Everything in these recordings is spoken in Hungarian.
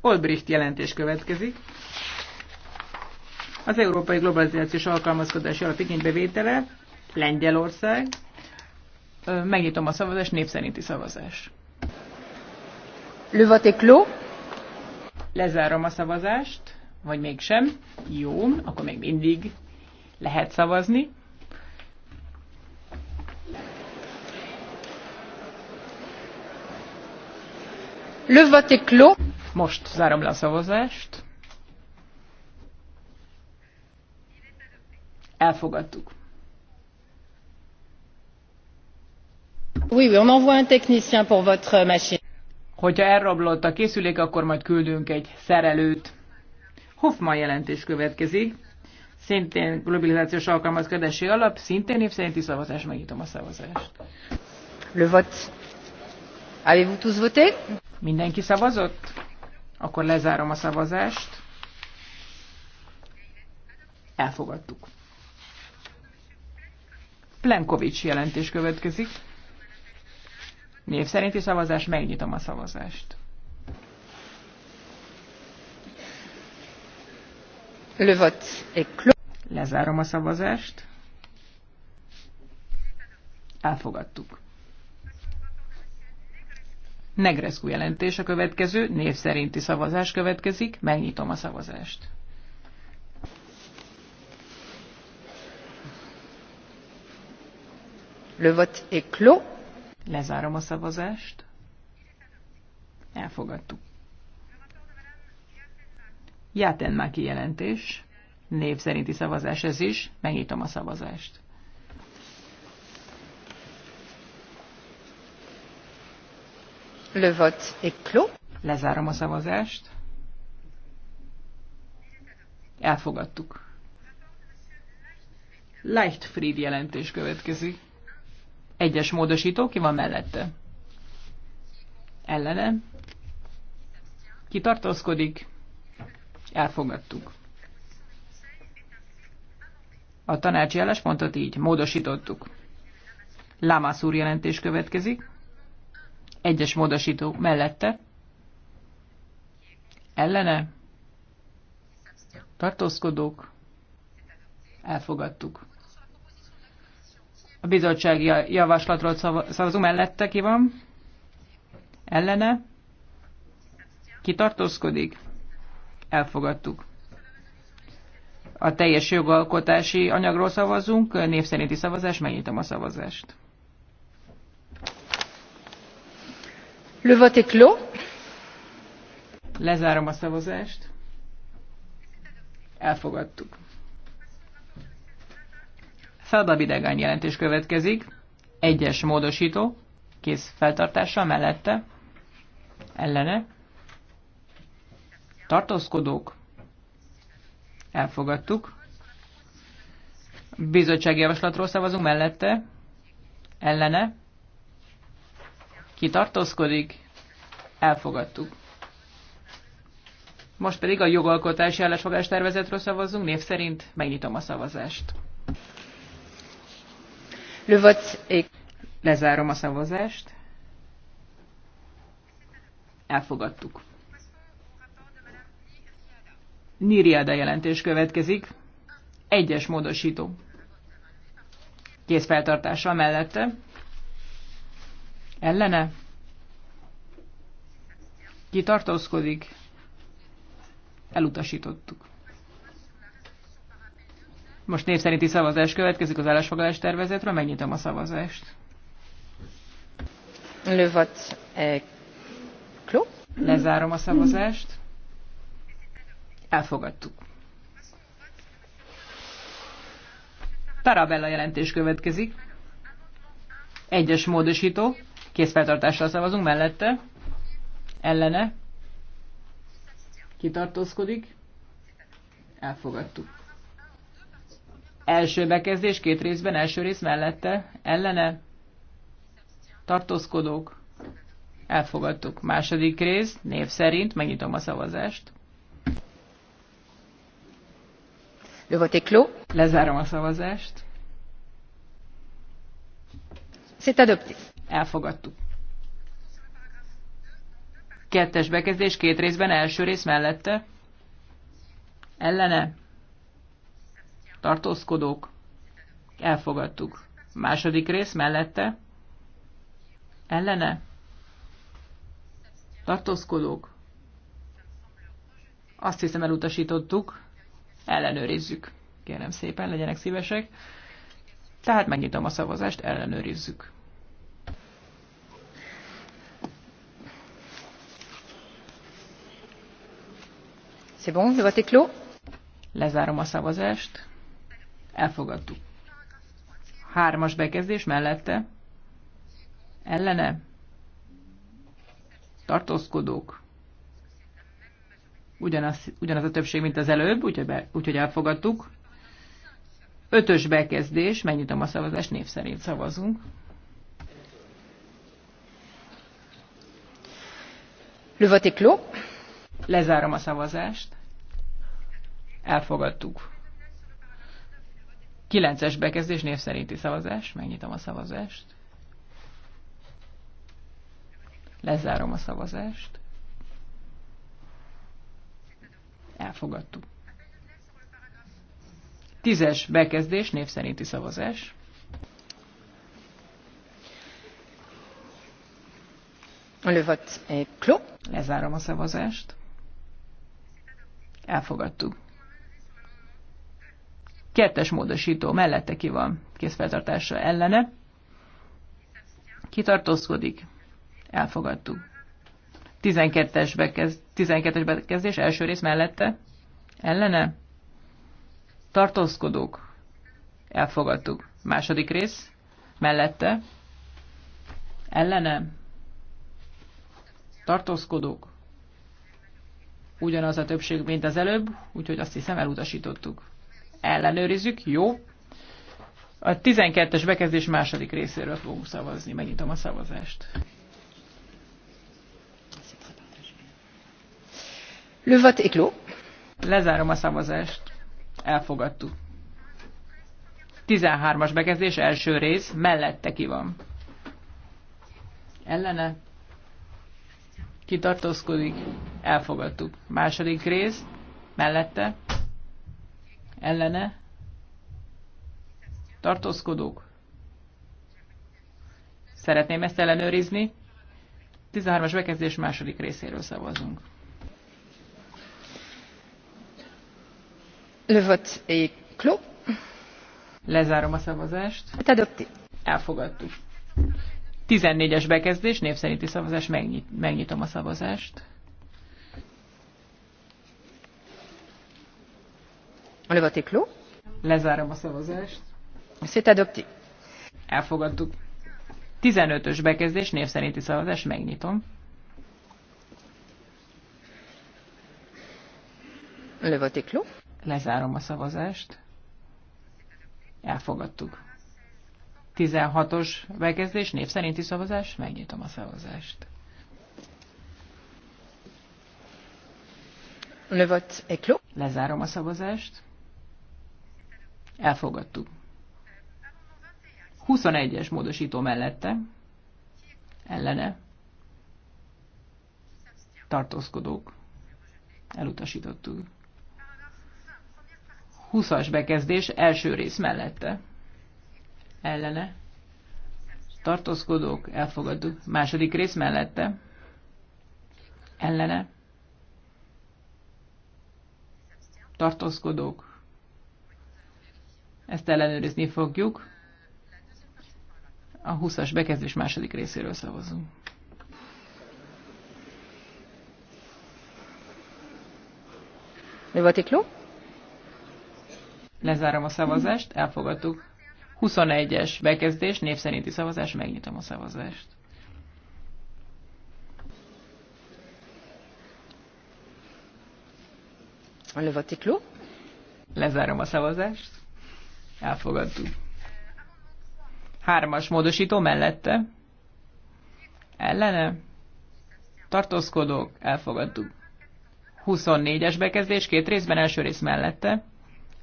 Olbricht jelentés következik. Az Európai Globalizációs Alkalmazkodási Alap igénybevétele Lengyelország. Megnyitom a szavazást, népszerinti szavazás. Le Lezárom a szavazást, vagy mégsem. Jó, akkor még mindig lehet szavazni. Le vote est clos. Most zárom le a szavazást. Elfogadtuk. Oui, on envoie un technicien pour votre machine. Hogyha elrablott a készülék, akkor majd küldünk egy szerelőt. Hoffman jelentés következik. Szintén globalizációs alkalmazkodási alap, szintén év szerinti szavazás, megnyitom a szavazást. Le vote. Avez-vous tous voté? Mindenki szavazott? Akkor lezárom a szavazást. Elfogadtuk. Plenkovics jelentés következik. Név szerinti szavazás, megnyitom a szavazást. Lezárom a szavazást. Elfogadtuk. Negrescu jelentés a következő, név szerinti szavazás következik, megnyitom a szavazást. Le vote est clos. Lezárom a szavazást. Elfogadtuk. Játenmáki jelentés. Név szerinti szavazás ez is. Megnyitom a szavazást. Le vote est clos. Lezárom a szavazást. Elfogadtuk. Leichtfried jelentés következik. Egyes módosító, ki van mellette? Ellene. Ki Elfogadtuk. A tanácsi álláspontot így módosítottuk. Lamász jelentés következik. Egyes módosító mellette. Ellene. Tartózkodók. Elfogadtuk. A bizottsági javaslatról szavazunk mellette ki van. Ellene. Kitartózkodik. Elfogadtuk a teljes jogalkotási anyagról szavazunk, név szerinti szavazás, megnyitom a szavazást. Le vote est clos. Lezárom a szavazást. Elfogadtuk. Felbabidegány jelentés következik. Egyes módosító, kész feltartása mellette, ellene. Tartózkodók, elfogadtuk. Bizottsági javaslatról szavazunk mellette, ellene ki tartózkodik, elfogadtuk. Most pedig a jogalkotási állásfogás tervezetről szavazzunk, név szerint megnyitom a szavazást. Lezárom a szavazást. Elfogadtuk. Niriada jelentés következik. Egyes módosító. feltartása mellette. Ellene? Ki tartózkodik? Elutasítottuk. Most név szerinti szavazás következik az állásfoglalás tervezetről. Megnyitom a szavazást. Le vote est clos. Lezárom a szavazást. Elfogadtuk. Tarabella jelentés következik. Egyes módosító készfeltartással szavazunk mellette, ellene, kitartózkodik, elfogadtuk. Első bekezdés két részben, első rész mellette, ellene, tartózkodók, elfogadtuk. Második rész, név szerint, megnyitom a szavazást. Le vote Lezárom a szavazást. C'est adopté Elfogadtuk. Kettes bekezdés két részben, első rész mellette. Ellene. Tartózkodók. Elfogadtuk. Második rész mellette. Ellene. Tartózkodók. Azt hiszem elutasítottuk. Ellenőrizzük. Kérem szépen, legyenek szívesek. Tehát megnyitom a szavazást, ellenőrizzük. C'est bon, le vote est clos. Lezárom a szavazást. Elfogadtuk. Hármas bekezdés mellette. Ellene. Tartózkodók. Ugyanaz, ugyanaz a többség, mint az előbb, úgyhogy, be, úgyhogy elfogadtuk. Ötös bekezdés, megnyitom a szavazást, név szerint szavazunk. Le vote est clos. Lezárom a szavazást. Elfogadtuk. Kilences bekezdés név szerinti szavazás. Megnyitom a szavazást. Lezárom a szavazást. Elfogadtuk. Tízes bekezdés, név szerinti szavazás. Le vote est clos. Lezárom a szavazást. Elfogadtuk. Kettes módosító mellette ki van készfeltartása ellene. Kitartózkodik. Elfogadtuk. 12-es, bekez, 12-es bekezdés első rész mellette. Ellene. Tartózkodók. Elfogadtuk. Második rész mellette. Ellene. Tartózkodók. Ugyanaz a többség, mint az előbb, úgyhogy azt hiszem elutasítottuk ellenőrizzük, jó. A 12-es bekezdés második részéről fogunk szavazni. Megnyitom a szavazást. Le Ikló. Lezárom a szavazást. Elfogadtuk. 13-as bekezdés első rész, mellette ki van. Ellene? Kitartózkodik? Elfogadtuk. Második rész, mellette? ellene tartózkodók. Szeretném ezt ellenőrizni. 13-as bekezdés második részéről szavazunk. Le vote est clos. Lezárom a szavazást. Adopté. Elfogadtuk. 14-es bekezdés, név szerinti szavazás, megnyit, megnyitom a szavazást. Le vote clos. Lezárom a szavazást. C'est adopté. Elfogadtuk. 15-ös bekezdés, név szerinti szavazás, megnyitom. Le vote clos. Lezárom a szavazást. Elfogadtuk. 16-os bekezdés, név szerinti szavazás, megnyitom a szavazást. Le vote clos. Lezárom a szavazást. Elfogadtuk. 21-es módosító mellette. Ellene. Tartózkodók. Elutasítottuk. 20-as bekezdés első rész mellette. Ellene. Tartózkodók. Elfogadtuk. Második rész mellette. Ellene. Tartózkodók ezt ellenőrizni fogjuk. A 20-as bekezdés második részéről szavazunk. Le vote Lezárom a szavazást, elfogadtuk. 21-es bekezdés, név szerinti szavazás, megnyitom a szavazást. Le vote Lezárom a szavazást. Elfogadtuk. Hármas módosító mellette. Ellene. Tartózkodók. Elfogadtuk. 24-es bekezdés két részben, első rész mellette.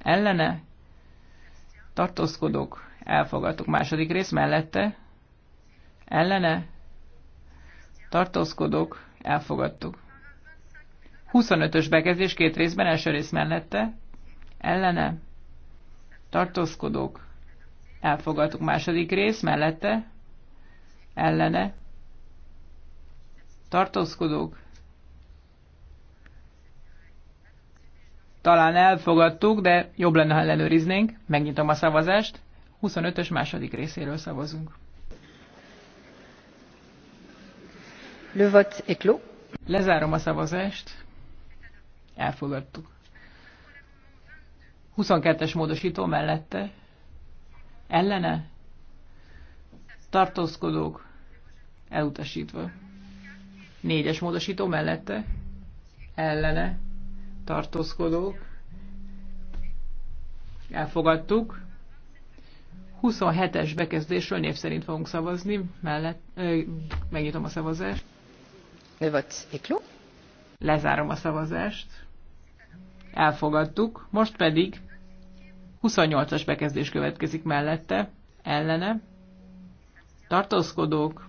Ellene. Tartózkodók. Elfogadtuk. Második rész mellette. Ellene. Tartózkodók. Elfogadtuk. 25-ös bekezdés két részben, első rész mellette. Ellene tartózkodók, elfogadtuk második rész mellette, ellene, tartózkodók, talán elfogadtuk, de jobb lenne, ha ellenőriznénk. Megnyitom a szavazást. 25-ös második részéről szavazunk. Le vote est clos. Lezárom a szavazást. Elfogadtuk. 22-es módosító mellette. Ellene? Tartózkodók. Elutasítva. 4-es módosító mellette. Ellene? Tartózkodók. Elfogadtuk. 27-es bekezdésről név szerint fogunk szavazni. Mellett, ö, megnyitom a szavazást. Lezárom a szavazást. Elfogadtuk. Most pedig 28-as bekezdés következik mellette, ellene, tartózkodók,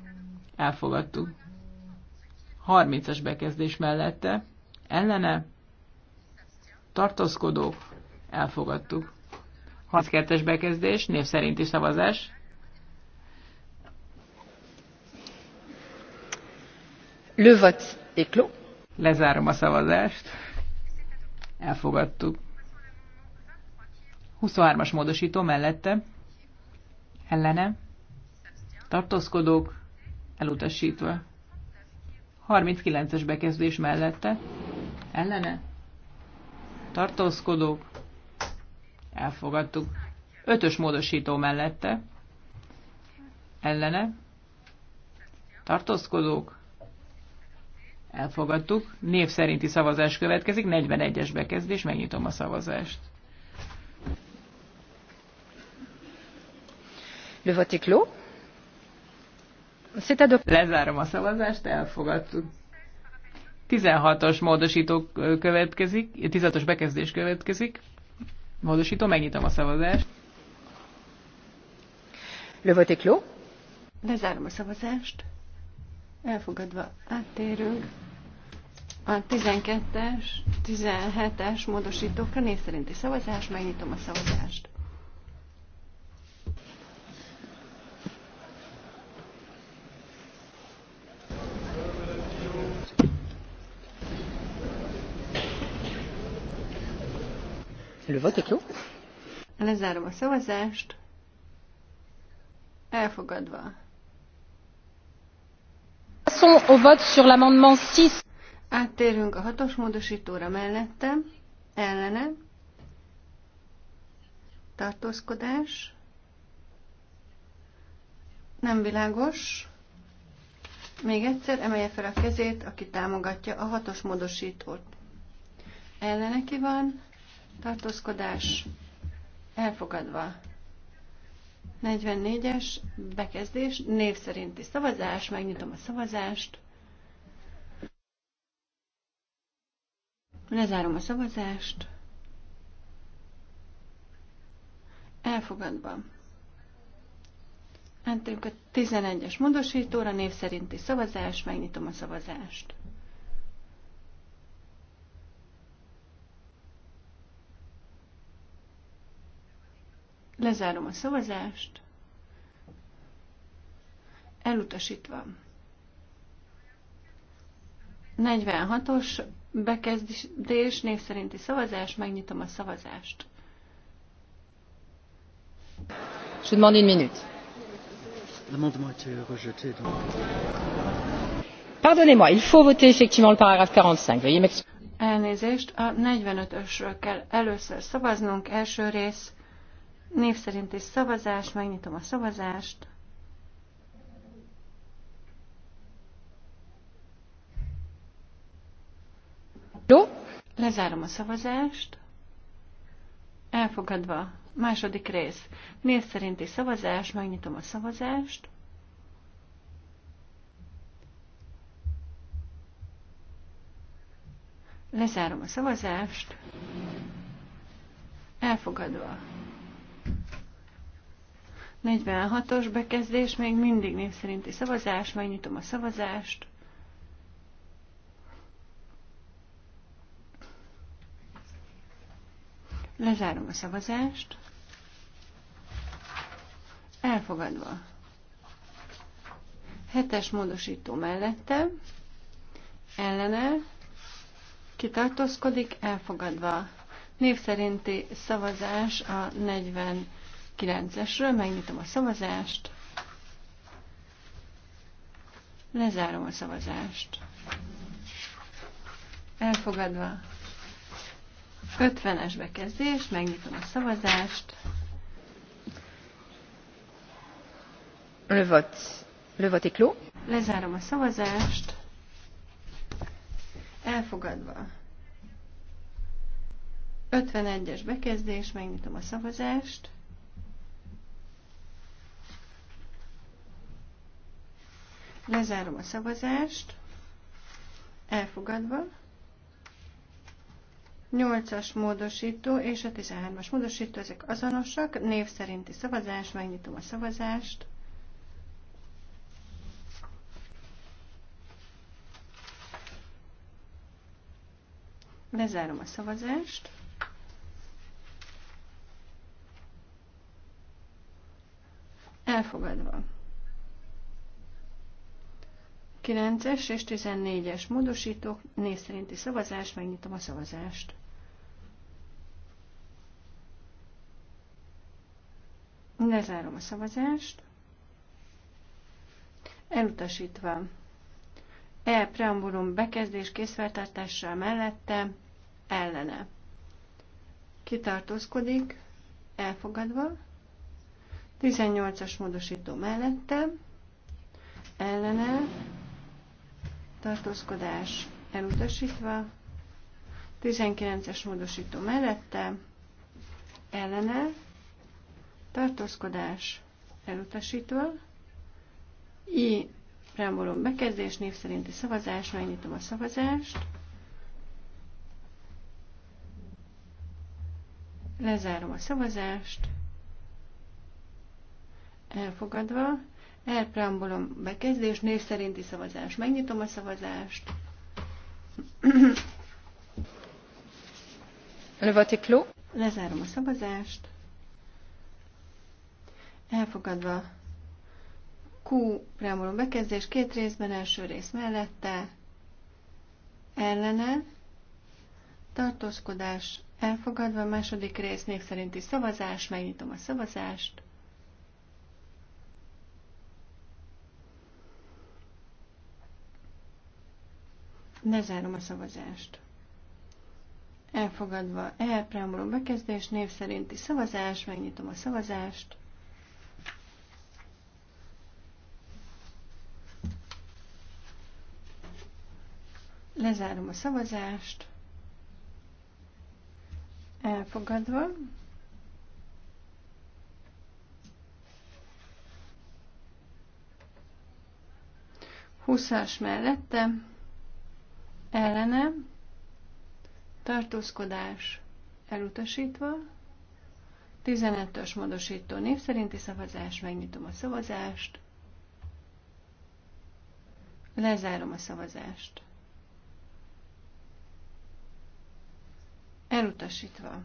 elfogadtuk. 30-as bekezdés mellette, ellene, tartózkodók, elfogadtuk. 32-es bekezdés, név szerinti szavazás. Le vote est clos. Lezárom a szavazást. Elfogadtuk. 23-as módosító mellette ellene tartózkodók elutasítva. 39-es bekezdés mellette ellene tartózkodók elfogadtuk. 5-ös módosító mellette ellene tartózkodók elfogadtuk. Név szerinti szavazás következik, 41-es bekezdés, megnyitom a szavazást. Le vote est clos. C'est adopté. Lezárom a szavazást, elfogadtuk. 16-os módosító következik, 16-os bekezdés következik. Módosító, megnyitom a szavazást. Le vote est clos. Lezárom a szavazást. Elfogadva áttérünk a 12-es, 17-es módosítókra név szerinti szavazás, megnyitom a szavazást. Le vote est clos. Lezárom a szavazást. Elfogadva. Passons au vote sur l'amendement 6. Áttérünk a hatos módosítóra mellette, ellene, tartózkodás, nem világos, még egyszer emelje fel a kezét, aki támogatja a hatos módosítót. Ellene ki van, tartózkodás elfogadva. 44-es bekezdés, név szerinti szavazás, megnyitom a szavazást. Lezárom a szavazást. Elfogadva. Entrünk a 11-es módosítóra, név szerinti szavazás, megnyitom a szavazást. Lezárom a szavazást. Elutasítva. 46-os bekezdés, név szerinti szavazás, megnyitom a szavazást. Je demande une minute. L'amendement a été rejeté. Donc... Pardonnez-moi, il faut voter effectivement le paragraphe 45. Veuillez m'excuser. Elnézést, a 45-ösről kell először szavaznunk, első rész Név szerint is szavazás, megnyitom a szavazást. Jó. Lezárom a szavazást. Elfogadva. Második rész. Név szerinti szavazás, megnyitom a szavazást. Lezárom a szavazást. Elfogadva. 46-os bekezdés, még mindig név szerinti szavazás, megnyitom a szavazást. Lezárom a szavazást. Elfogadva. Hetes módosító mellette, ellene, kitartózkodik, elfogadva. Név szerinti szavazás a 40 9-esről, megnyitom a szavazást, lezárom a szavazást. Elfogadva. 50-es bekezdés, megnyitom a szavazást. Le vote. Le vote clos. Lezárom a szavazást. Elfogadva. 51-es bekezdés, megnyitom a szavazást. Lezárom a szavazást. Elfogadva. 8-as módosító és a 13-as módosító, ezek azonosak. Név szerinti szavazás, megnyitom a szavazást. Lezárom a szavazást. Elfogadva. 9-es és 14-es módosítók, név szerinti szavazás, megnyitom a szavazást. Lezárom a szavazást. Elutasítva. E preambulum bekezdés készfeltartással mellette ellene. Kitartózkodik, elfogadva. 18-as módosító mellette ellene tartózkodás elutasítva, 19-es módosító mellette, ellene, tartózkodás elutasítva, i preambulum bekezdés, név szerinti szavazás, megnyitom a szavazást, lezárom a szavazást, elfogadva, Elpreambulom bekezdés, név szerinti szavazás. Megnyitom a szavazást. Le vote clos. Lezárom a szavazást. Elfogadva Q preambulum bekezdés két részben, első rész mellette, ellene, tartózkodás elfogadva, második rész név szerinti szavazás, megnyitom a szavazást. Lezárom a szavazást. Elfogadva elpreambuló bekezdés, név szerinti szavazás, megnyitom a szavazást. Lezárom a szavazást. Elfogadva. Húszás mellette ellene, tartózkodás elutasítva, 15-ös módosító név szerinti szavazás, megnyitom a szavazást, lezárom a szavazást. Elutasítva.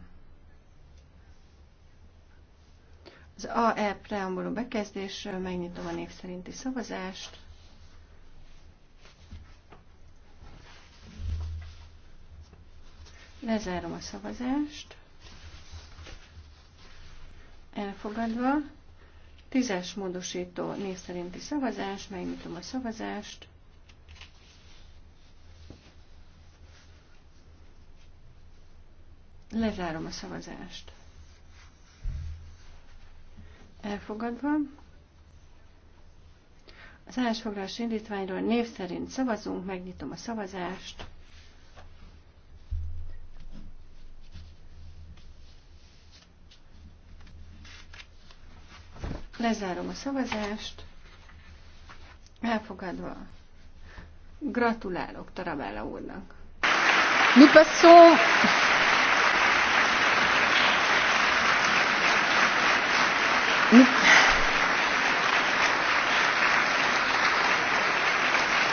Az AE preambuló bekezdésről megnyitom a név szerinti szavazást. Lezárom a szavazást. Elfogadva. Tízes módosító név szerinti szavazás. Megnyitom a szavazást. Lezárom a szavazást. Elfogadva. Az állásfoglalás indítványról név szerint szavazunk, megnyitom a szavazást. Lezárom a szavazást. Elfogadva. Gratulálok Tarabella úrnak. Nous passons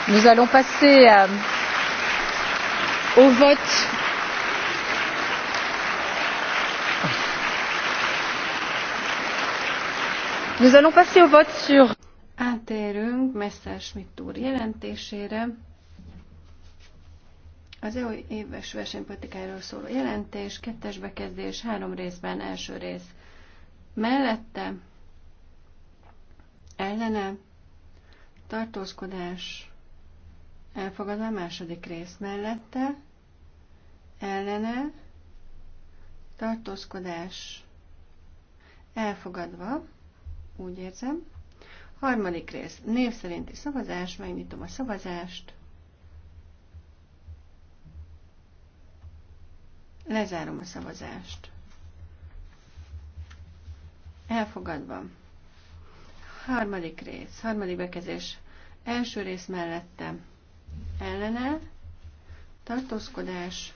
Nous allons passer euh, au vote Nous allons passer au vote sur... Átérünk Messerschmitt úr jelentésére. Az EU éves versenypolitikáról szóló jelentés, kettes bekezdés, három részben, első rész mellette, ellene, tartózkodás, elfogadva, második rész mellette, ellene, tartózkodás, elfogadva, úgy érzem. Harmadik rész, név szerinti szavazás, megnyitom a szavazást. Lezárom a szavazást. Elfogadva. Harmadik rész, harmadik bekezés. Első rész mellette ellene, tartózkodás,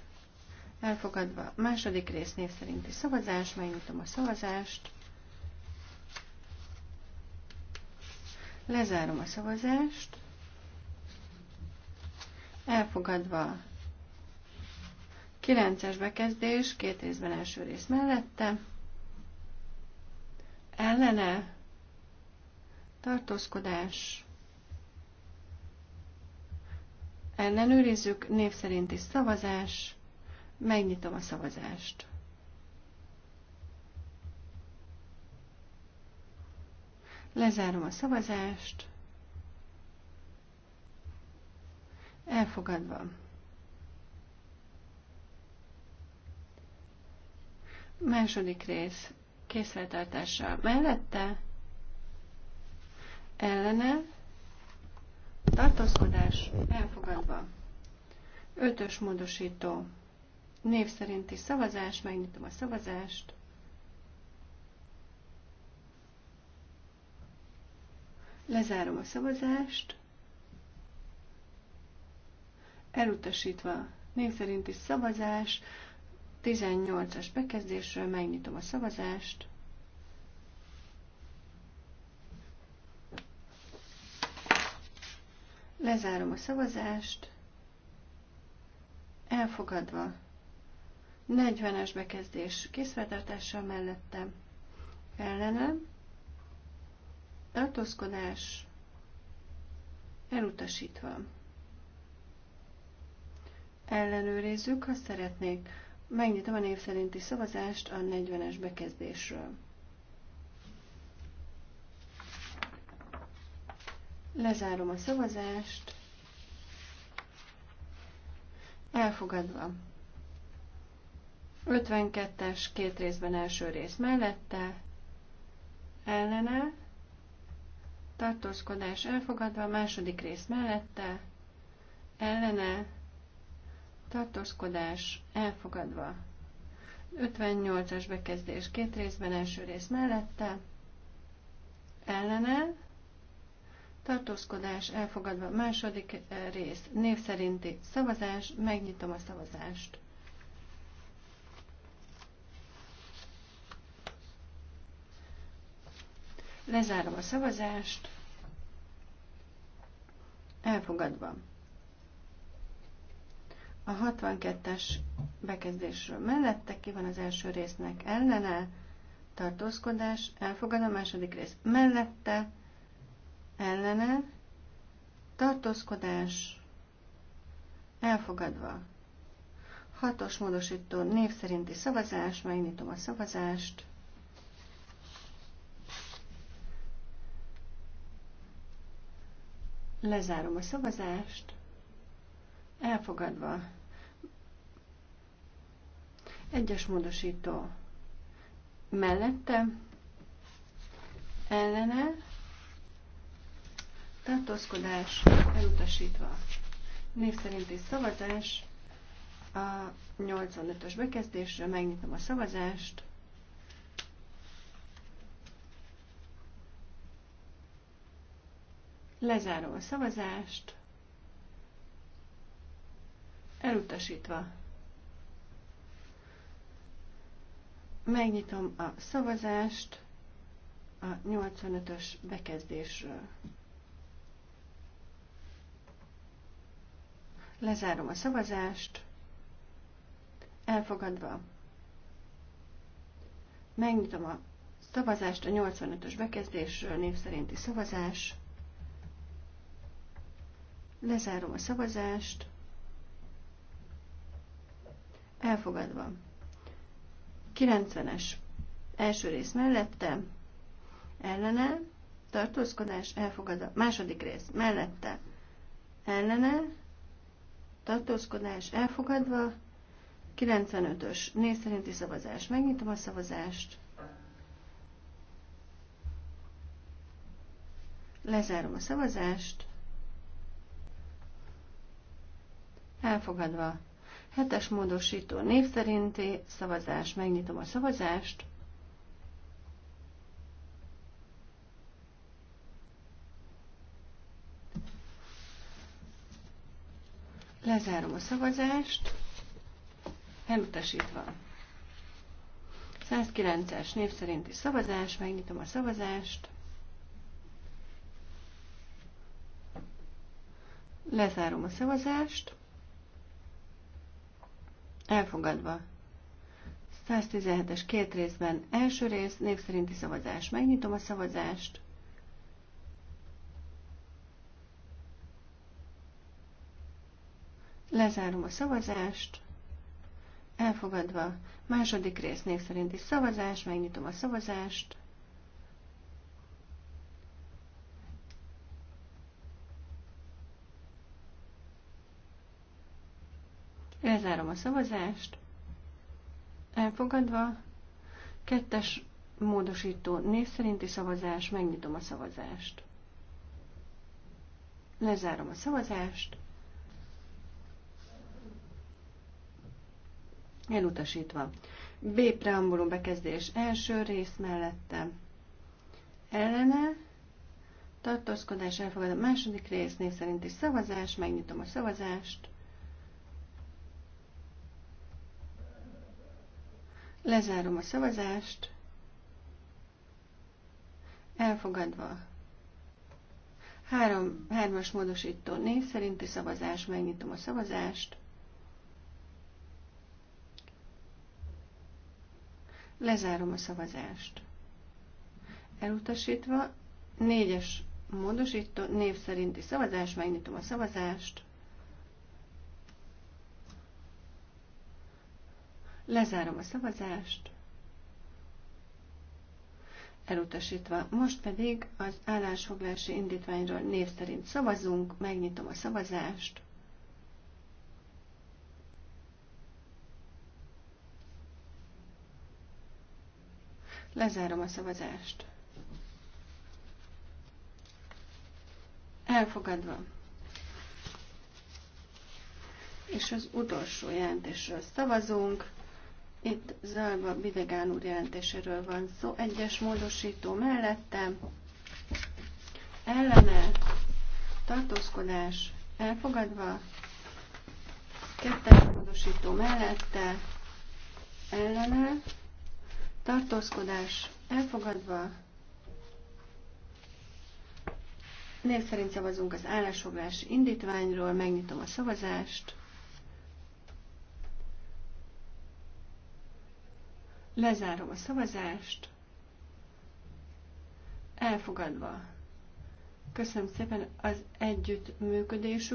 elfogadva. Második rész név szerinti szavazás, megnyitom a szavazást. Lezárom a szavazást. Elfogadva 9-es bekezdés, két részben első rész mellette. Ellene tartózkodás. Ellenőrizzük név szerinti szavazás. Megnyitom a szavazást. Lezárom a szavazást. Elfogadva. Második rész. Készfeltartással mellette. Ellene. Tartózkodás. Elfogadva. Ötös módosító. Név szerinti szavazás. Megnyitom a szavazást. Lezárom a szavazást. Elutasítva név szerinti szavazás, 18-as bekezdésről megnyitom a szavazást. Lezárom a szavazást. Elfogadva. 40-es bekezdés készfeltartással mellettem. Ellenem tartózkodás elutasítva. Ellenőrizzük, ha szeretnék. Megnyitom a név szerinti szavazást a 40-es bekezdésről. Lezárom a szavazást. Elfogadva. 52-es két részben első rész mellette, ellene, tartózkodás elfogadva, a második rész mellette, ellene, tartózkodás elfogadva. 58-as bekezdés két részben, első rész mellette, ellene, tartózkodás elfogadva, második rész, név szerinti szavazás, megnyitom a szavazást. Lezárom a szavazást. Elfogadva. A 62-es bekezdésről mellette ki van az első résznek ellene, tartózkodás, elfogad a második rész mellette, ellene, tartózkodás, elfogadva. Hatos módosító név szerinti szavazás, megnyitom a szavazást. Lezárom a szavazást. Elfogadva. Egyes módosító mellette, ellene, tartózkodás elutasítva. Név szerinti szavazás a 85-ös bekezdésre, megnyitom a szavazást. Lezárom a szavazást. Elutasítva. Megnyitom a szavazást a 85-ös bekezdésről. Lezárom a szavazást. Elfogadva. Megnyitom a szavazást a 85-ös bekezdésről, név szerinti szavazás. Lezárom a szavazást. Elfogadva. 90-es első rész mellette, ellene, tartózkodás, elfogadva. Második rész mellette, ellene, tartózkodás, elfogadva. 95-ös név szerinti szavazás. Megnyitom a szavazást. Lezárom a szavazást. elfogadva. Hetes módosító név szerinti szavazás. Megnyitom a szavazást. Lezárom a szavazást. Elutasítva. 109-es név szerinti szavazás. Megnyitom a szavazást. Lezárom a szavazást elfogadva. 117-es két részben első rész, név szerinti szavazás. Megnyitom a szavazást. Lezárom a szavazást. Elfogadva. Második rész név szerinti szavazás. Megnyitom a szavazást. Lezárom a szavazást. Elfogadva. Kettes módosító név szerinti szavazás. Megnyitom a szavazást. Lezárom a szavazást. Elutasítva. B. Preambulum bekezdés első rész mellette. Ellene. Tartózkodás a Második rész név szerinti szavazás. Megnyitom a szavazást. Lezárom a szavazást. Elfogadva. Három, hármas módosító név szerinti szavazás, megnyitom a szavazást. Lezárom a szavazást. Elutasítva, négyes módosító név szerinti szavazás, megnyitom a szavazást. Lezárom a szavazást. Elutasítva. Most pedig az állásfoglási indítványról név szerint szavazunk. Megnyitom a szavazást. Lezárom a szavazást. Elfogadva. És az utolsó jelentésről szavazunk. Itt Zalva Bidegán úr jelentéséről van szó. Egyes módosító mellette ellene tartózkodás elfogadva, kettes módosító mellette ellene tartózkodás elfogadva, név szerint szavazunk az állásfoglás indítványról, megnyitom a szavazást. Lezárom a szavazást. Elfogadva. Köszönöm szépen az együttműködésük.